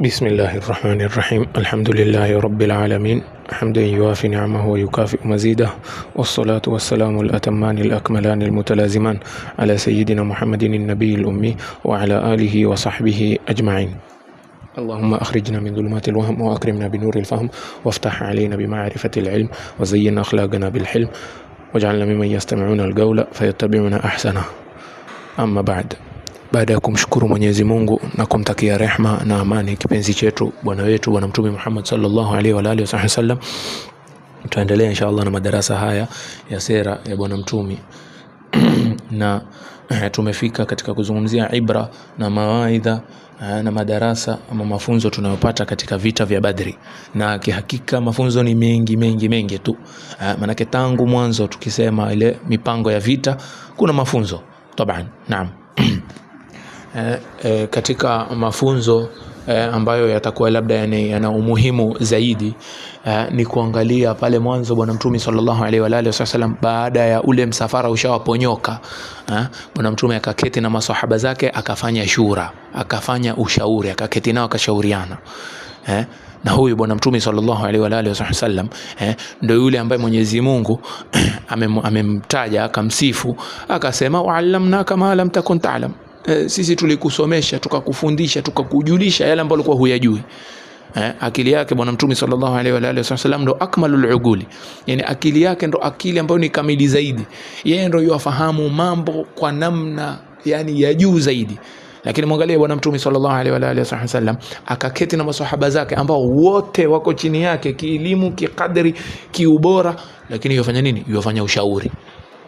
بسم الله الرحمن الرحيم الحمد لله رب العالمين حمدا يوافي نعمه ويكافئ مزيده والصلاة والسلام الأتمان الأكملان المتلازمان على سيدنا محمد النبي الأمي وعلى آله وصحبه أجمعين اللهم أخرجنا من ظلمات الوهم وأكرمنا بنور الفهم وافتح علينا بمعرفة العلم وزين أخلاقنا بالحلم واجعلنا ممن يستمعون القول فيتبعون أحسنه أما بعد Baada ya kumshukuru Mwenyezi Mungu na kumtakia rehma na amani kipenzi chetu bwana wetu bwana Mtume Muhammad sallallahu alaihi wa alihi wasallam, tutaendelea inshallah na madarasa haya ya sera ya bwana Mtume na eh, tumefika katika kuzungumzia ibra na mawaidha eh, na madarasa ama mafunzo tunayopata katika vita vya Badri, na kihakika mafunzo ni mengi mengi mengi tu, eh, manake tangu mwanzo tukisema ile mipango ya vita kuna mafunzo taban, naam eh, eh, katika mafunzo eh, ambayo yatakuwa labda yana, yana umuhimu zaidi eh, ni kuangalia pale mwanzo bwana mtume sallallahu alaihi wa alihi wasallam baada ya ule msafara ushawaponyoka eh, bwana mtume akaketi na masahaba zake akafanya shura akafanya ushauri akaketi nao akashauriana eh, na huyu bwana mtume sallallahu alaihi wa alihi wasallam eh, ndio yule ambaye Mwenyezi Mungu amemtaja akamsifu akasema waallamnaka ma lam takun ta'lam ta eh, sisi tulikusomesha tukakufundisha tukakujulisha yale ambayo ulikuwa huyajui eh, akili yake bwana mtume sallallahu alaihi wa alihi wasallam ndo akmalul uguli yani akili yake ndo akili ambayo ni kamili zaidi yeye ndo yafahamu mambo kwa namna yani ya juu zaidi lakini mwangalie bwana mtume sallallahu alaihi wa alihi wasallam akaketi na maswahaba zake ambao wote wako chini yake kiilimu kiqadri kiubora lakini yafanya nini yafanya ushauri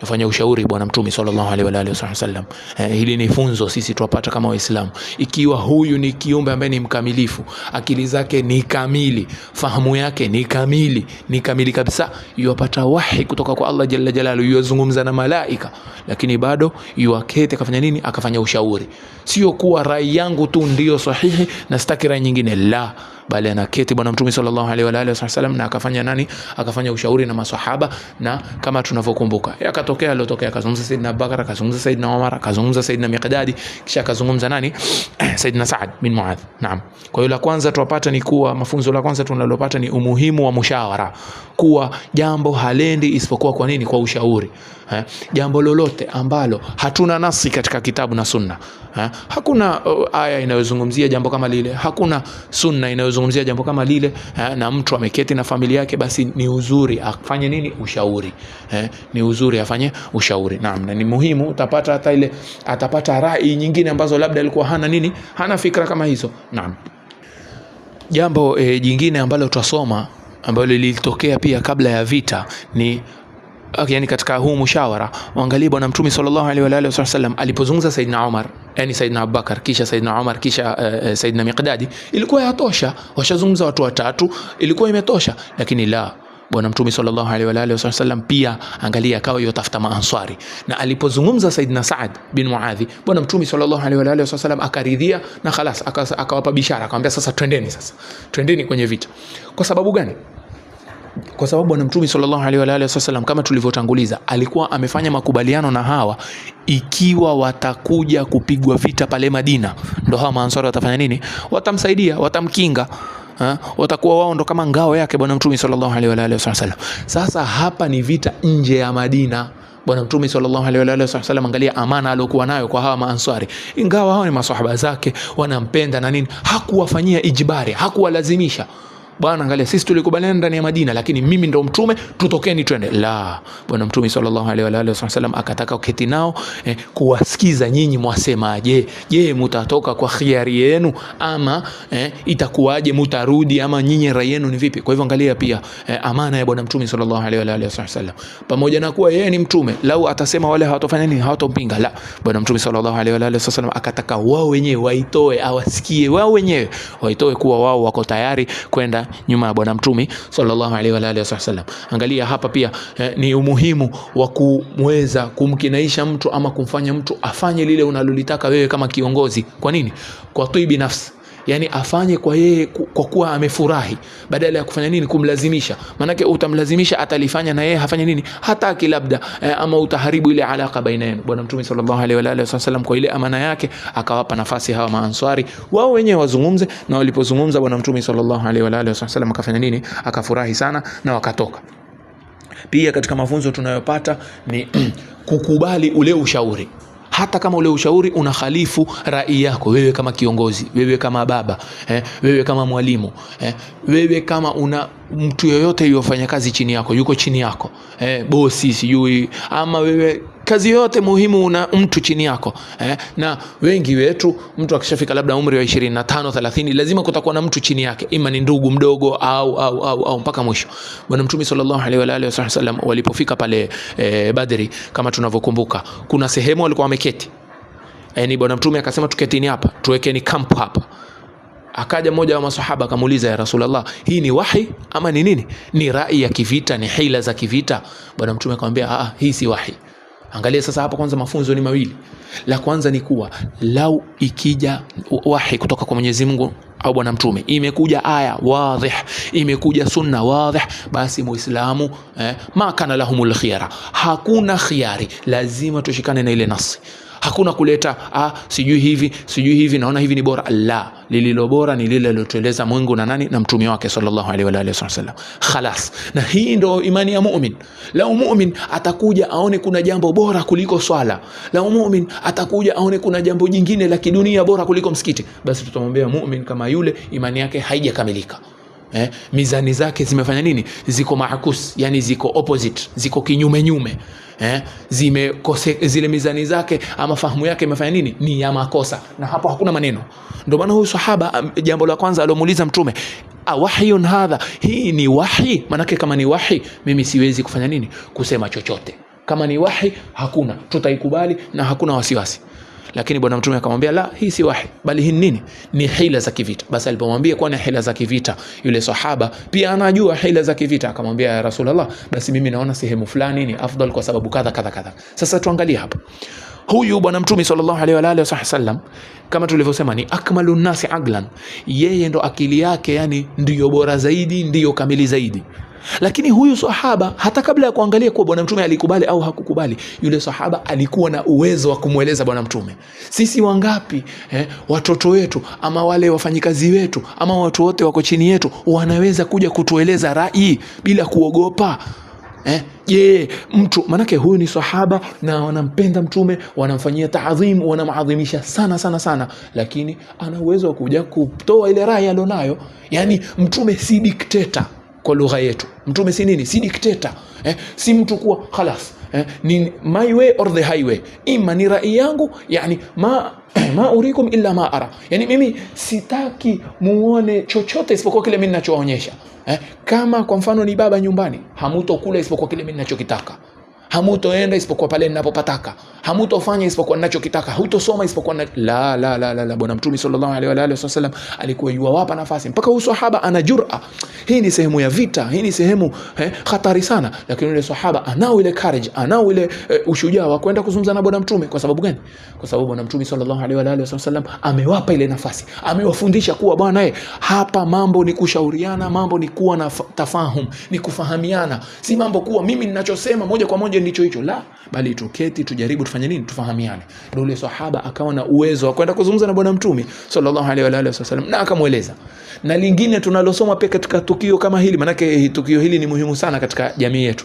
tufanye ushauri bwana mtume sallallahu alaihi wa alihi wasallam eh, hili ni funzo sisi twapata kama waislamu ikiwa huyu ni kiumbe ambaye ni mkamilifu akili zake ni kamili fahamu yake ni kamili ni kamili kabisa yuwapata wahi kutoka kwa allah jalla jalalu yuwazungumza na malaika lakini bado yuwakete akafanya nini akafanya ushauri sio kuwa rai yangu tu ndiyo sahihi na sitaki rai nyingine la bali anaketi bwana mtume sallallahu alaihi wa alihi wasallam na akafanya nani akafanya ushauri na maswahaba na kama tunavyokumbuka yakatokea aliotokea akazungumza saidina abubakar akazungumza saidina omar akazungumza saidina miqdadi kisha akazungumza nani saidina saad bin muadh naam kwa hiyo la kwanza tuwapata ni kuwa mafunzo la kwanza tunalopata ni umuhimu wa mushawara kuwa jambo halendi isipokuwa kwa nini? Kwa ushauri ha? Eh? Jambo lolote ambalo hatuna nasi katika kitabu na sunna ha? Eh? Hakuna uh, aya inayozungumzia jambo kama lile, hakuna sunna inayozungumzia jambo kama lile ha? Eh? Na mtu ameketi na familia yake, basi ni uzuri afanye nini? Ushauri ha? Ni uzuri afanye ushauri naam, na ni muhimu. Utapata hata ile atapata rai nyingine ambazo labda alikuwa hana nini, hana fikra kama hizo naam. Jambo eh, jingine ambalo twasoma ambalo lilitokea pia kabla ya vita ni yani katika huu mushawara wangalie bwana mtume sallallahu alaihi wa alihi wasallam alipozungumza Saidna Umar yani Saidna Abubakar kisha Saidna Umar kisha uh, eh, eh, Saidna Miqdadi ilikuwa yatosha, washazungumza watu watatu, ilikuwa imetosha, lakini la bwana mtume sallallahu alaihi wa alihi wasallam pia angalia akawa yeye tafuta maanswari na alipozungumza saidna Saad bin Muadhi bwana mtume sallallahu alaihi wa alihi wasallam akaridhia na khalas akawapa bishara akamwambia sasa twendeni sasa twendeni kwenye vita kwa sababu gani kwa sababu bwana mtume sallallahu alaihi wa alihi wasallam kama tulivyotanguliza alikuwa amefanya makubaliano na hawa ikiwa watakuja kupigwa vita pale Madina ndo hawa maanswari watafanya nini watamsaidia watamkinga ha? watakuwa wao ndo kama ngao yake Bwana Mtume sallallahu alaihi wa alihi wasallam. Sasa hapa ni vita nje ya Madina. Bwana Mtume sallallahu alaihi wa alihi wasallam, angalia amana aliyokuwa nayo kwa hawa maanswari, ingawa hao ni maswahaba zake wanampenda na nini, hakuwafanyia ijibari, hakuwalazimisha bwana, angalia sisi tulikubaliana ndani ya Madina, lakini mimi ndo mtume, tutokeni twende. La, bwana Mtume sallallahu alaihi wa alihi wasallam akataka uketi nao eh, kuwasikiza nyinyi mwasemaje. Je, mutatoka kwa khiari yenu ama eh, itakuwaje? Mutarudi ama nyinyi rai yenu ni vipi? Kwa hivyo angalia pia eh, amana ya bwana Mtume sallallahu alaihi wa alihi wasallam, pamoja na kuwa yeye ni mtume, lau atasema wale hawatofanya nini, hawatompinga. La, bwana Mtume sallallahu alaihi wa alihi wasallam akataka wao wenyewe waitoe, awasikie wao wenyewe waitoe kuwa wao wako tayari kwenda nyuma ya bwana mtume sallallahu alaihi wa alihi wasallam. Angalia hapa pia eh, ni umuhimu wa kuweza kumkinaisha mtu ama kumfanya mtu afanye lile unalolitaka wewe kama kiongozi. Kwa nini? Kwa tibi nafsi yani afanye kwa yeye kwa kuwa amefurahi badala ya kufanya nini kumlazimisha maanake utamlazimisha atalifanya na yeye hafanye nini hataki labda eh, ama utaharibu ile alaka baina yenu bwana mtume sallallahu alaihi wa alihi wasallam kwa ile amana yake akawapa nafasi hawa maanswari wao wenyewe wazungumze na walipozungumza bwana mtume sallallahu alaihi wa alihi wasallam akafanya nini akafurahi sana na wakatoka pia katika mafunzo tunayopata ni kukubali ule ushauri hata kama ule ushauri unahalifu rai yako wewe kama kiongozi wewe kama baba eh, wewe kama mwalimu eh, wewe kama una mtu yoyote yofanya kazi chini yako yuko chini yako eh, bosi sijui ama wewe kazi yote muhimu una mtu chini yako eh? na wengi wetu mtu akishafika labda umri wa ishirini na tano thelathini lazima kutakuwa na mtu chini yake ima ni ndugu mdogo au au au, au mpaka mwisho bwana mtume sallallahu alaihi wa alihi wasallam walipofika pale eh, badri kama tunavyokumbuka kuna sehemu walikuwa wameketi yani eh, bwana mtume akasema tuketini hapa tuwekeni kampu hapa akaja mmoja wa masahaba akamuuliza ya rasulullah hii ni wahi ama ni nini ni rai ya kivita ni hila za kivita bwana mtume akamwambia ah, ah, hii si wahi angalia sasa hapa kwanza mafunzo ni mawili la kwanza ni kuwa lau ikija wahi kutoka kwa mwenyezi mungu au bwana mtume imekuja aya wadhih imekuja sunna wadhih basi muislamu eh, makana lahumul khiyara hakuna khiari lazima tushikane na ile nasi hakuna kuleta ah, sijui hivi sijui hivi naona hivi ni bora la lililo bora ni lile lilotueleza Mungu na nani na mtume wake sallallahu alaihi wa alihi wasallam khalas na hii ndo imani ya mu'min lau mu'min atakuja aone kuna jambo bora kuliko swala lau mu'min atakuja aone kuna jambo jingine la kidunia bora kuliko msikiti basi tutamwambia mu'min kama yule imani yake haijakamilika eh, mizani zake zimefanya nini ziko maakus yani ziko opposite ziko kinyume nyume eh, zimekose zile mizani zake ama fahamu yake imefanya nini ni ya makosa na hapo hakuna maneno ndio maana huyu sahaba um, jambo la kwanza alomuuliza mtume awahyun hadha hii ni wahi maanake kama ni wahi mimi siwezi kufanya nini kusema chochote kama ni wahi hakuna tutaikubali na hakuna wasiwasi lakini bwana mtume akamwambia la hii si wahi bali hii nini ni hila za kivita basi alipomwambia kwani hila za kivita yule sahaba pia anajua hila za kivita akamwambia ya rasulullah basi mimi naona sehemu fulani ni afdal kwa sababu kadha kadha kadha sasa tuangalie hapa huyu bwana mtume sallallahu alaihi wa alihi wasallam kama tulivyosema ni akmalu nasi aglan yeye ndo akili yake yani ndiyo bora zaidi ndiyo kamili zaidi lakini huyu sahaba hata kabla ya kuangalia kuwa bwana mtume alikubali au hakukubali yule sahaba alikuwa na uwezo wa kumweleza bwana mtume sisi wangapi eh, watoto wetu ama wale wafanyikazi wetu ama watu wote wako chini yetu wanaweza kuja kutueleza rai bila kuogopa eh, je mtu manake huyu ni sahaba na wanampenda mtume wanamfanyia taadhim wanamadhimisha sana sana sana lakini ana uwezo wa kuja kutoa ile rai alionayo yani mtume si dikteta kwa lugha yetu mtume si nini si dikteta eh, si mtu kuwa khalas eh, ni my way or the highway ima ni rai yangu yani ma ma urikum illa ma ara yani mimi sitaki muone chochote isipokuwa kile mimi ninachoonyesha eh, kama kwa mfano ni baba nyumbani hamutokula isipokuwa kile mimi ninachokitaka hamutoenda isipokuwa pale ninapopataka hamutofanya isipokuwa ninachokitaka, hutosoma isipokuwa na... la, la, la, la, la. Bwana Mtume sallallahu alaihi wa alihi wasallam alikuwa yuwawapa nafasi mpaka huyu sahaba ana jura. Hii ni sehemu ya vita, hii ni sehemu eh, hatari sana, lakini yule sahaba anao ile courage, anao ile eh, ushujaa wa kwenda kuzungumza na Bwana Mtume. Kwa sababu gani? Kwa sababu Bwana Mtume sallallahu alaihi wa alihi wasallam amewapa ile nafasi, amewafundisha kuwa bwana eh, hapa mambo ni kushauriana, mambo ni kuwa na tafahum, ni kufahamiana, si mambo kuwa mimi ninachosema moja kwa moja ndicho hicho, la, bali tuketi tujaribu tufanye tufanye nini tufahamiane ndio yule sahaba akawa na uwezo wa kwenda kuzungumza na bwana mtume sallallahu alaihi wa alihi wasallam na akamweleza na lingine tunalosoma pia katika tukio kama hili manake eh, tukio hili ni muhimu sana katika jamii yetu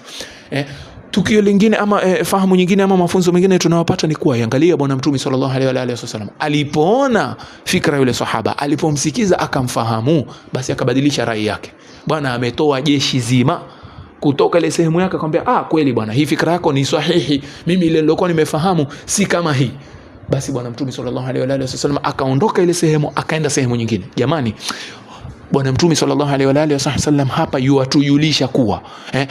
eh, tukio lingine ama eh, fahamu nyingine ama mafunzo mengine tunayopata ni kuwa angalia bwana mtume sallallahu alaihi wa alihi wasallam alipoona fikra yule sahaba alipomsikiza akamfahamu basi akabadilisha rai yake bwana ametoa jeshi zima kutoka ile sehemu yake akamwambia ah kweli bwana hii fikra yako ni sahihi mimi ile nilokuwa nimefahamu si kama hii basi bwana mtume sallallahu alaihi wa sallam akaondoka ile sehemu akaenda sehemu nyingine jamani bwana mtume sallallahu alaihi wa alihi hapa yuwatujulisha kuwa eh,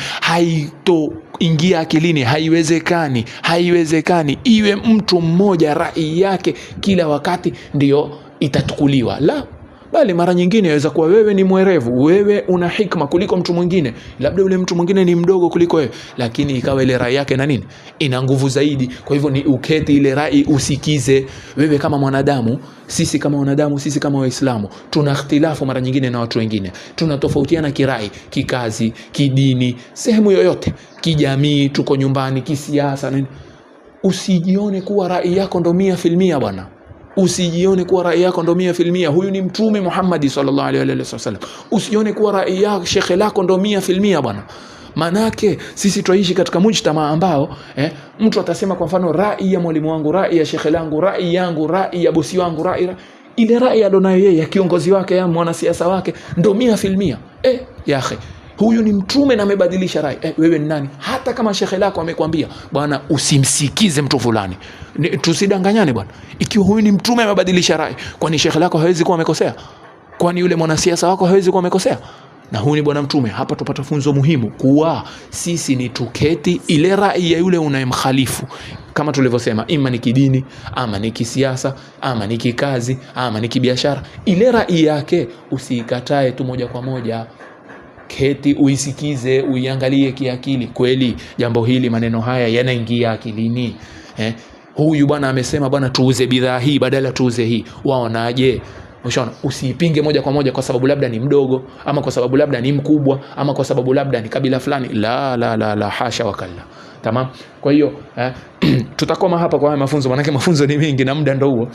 ingia akilini haiwezekani haiwezekani iwe mtu mmoja rai yake kila wakati ndiyo itatukuliwa la bali mara nyingine yaweza kuwa wewe ni mwerevu wewe una hikma kuliko mtu mwingine labda yule mtu mwingine ni mdogo kuliko wewe lakini ikawa ile rai yake na nini ina nguvu zaidi kwa hivyo ni uketi ile rai usikize wewe kama mwanadamu sisi kama wanadamu sisi kama waislamu tuna ikhtilafu mara nyingine na watu wengine tunatofautiana kirai kikazi kidini sehemu yoyote kijamii tuko nyumbani kisiasa nini usijione kuwa rai yako ndo mia filmia bwana usijione kuwa rai yako ndo mia filmia. Huyu ni Mtume Muhammadi sallallahu alaihi sallam. Usijione kuwa rai yako shekhe lako ndo mia filmia bwana. Manake sisi twaishi katika mujtama ambao eh, mtu atasema kwa mfano rai ya mwalimu wangu, rai ya shekhe langu, rai yangu, rai ya bosi wangu, rai ile rai alionayo yeye ya kiongozi wake, ya mwanasiasa wake ndo mia filmia. Eh, ya huyu ni mtume na amebadilisha rai eh, wewe ni nani hata kama shekhe lako amekwambia bwana usimsikize mtu fulani tusidanganyane bwana ikiwa huyu ni mtume amebadilisha rai kwani shekhe lako hawezi kuwa amekosea kwani yule mwanasiasa wako hawezi kuwa amekosea na huyu ni bwana mtume hapa tupata funzo muhimu kuwa sisi ni tuketi ile rai ya yule unayemkhalifu kama tulivyosema ima ni kidini ama ni kisiasa ama ni kikazi ama ni kibiashara ile rai yake usiikatae tu moja kwa moja keti uisikize uiangalie kiakili kweli jambo hili maneno haya yanaingia akilini eh? huyu bwana amesema bwana tuuze bidhaa hii badala tuuze hii waonaje Ushaona, usiipinge moja kwa moja kwa sababu labda ni mdogo ama kwa sababu labda ni mkubwa ama kwa sababu labda ni kabila fulani. La, la, la, la, hasha wakalla. Tamam. Kwa hiyo eh, tutakoma hapa kwa haya mafunzo, manake mafunzo ni mengi na muda ndo huo.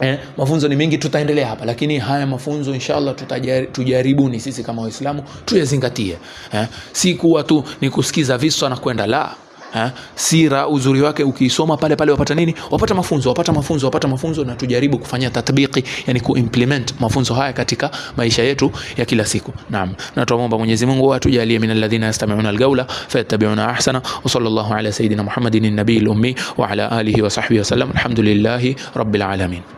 Eh, mafunzo ni mengi, tutaendelea hapa, lakini haya mafunzo inshallah tutajari, tujaribuni sisi kama Waislamu tuyazingatie. Eh, si kuwa tu ni kusikiza viso na kwenda la Ha? Eh, Sira uzuri wake ukiisoma pale pale wapata nini? Wapata mafunzo, wapata mafunzo, wapata mafunzo, na tujaribu kufanya tatbiki, yani kuimplement mafunzo haya katika maisha yetu ya kila siku. Naam, na tuomba Mwenyezi Mungu atujalie minal ladhina yastami'una alqawla fayattabi'una ahsana, wa sallallahu ala sayidina Muhammadin an-nabiyil ummi wa ala alihi wa sahbihi wa sallam alhamdulillahi rabbil alamin.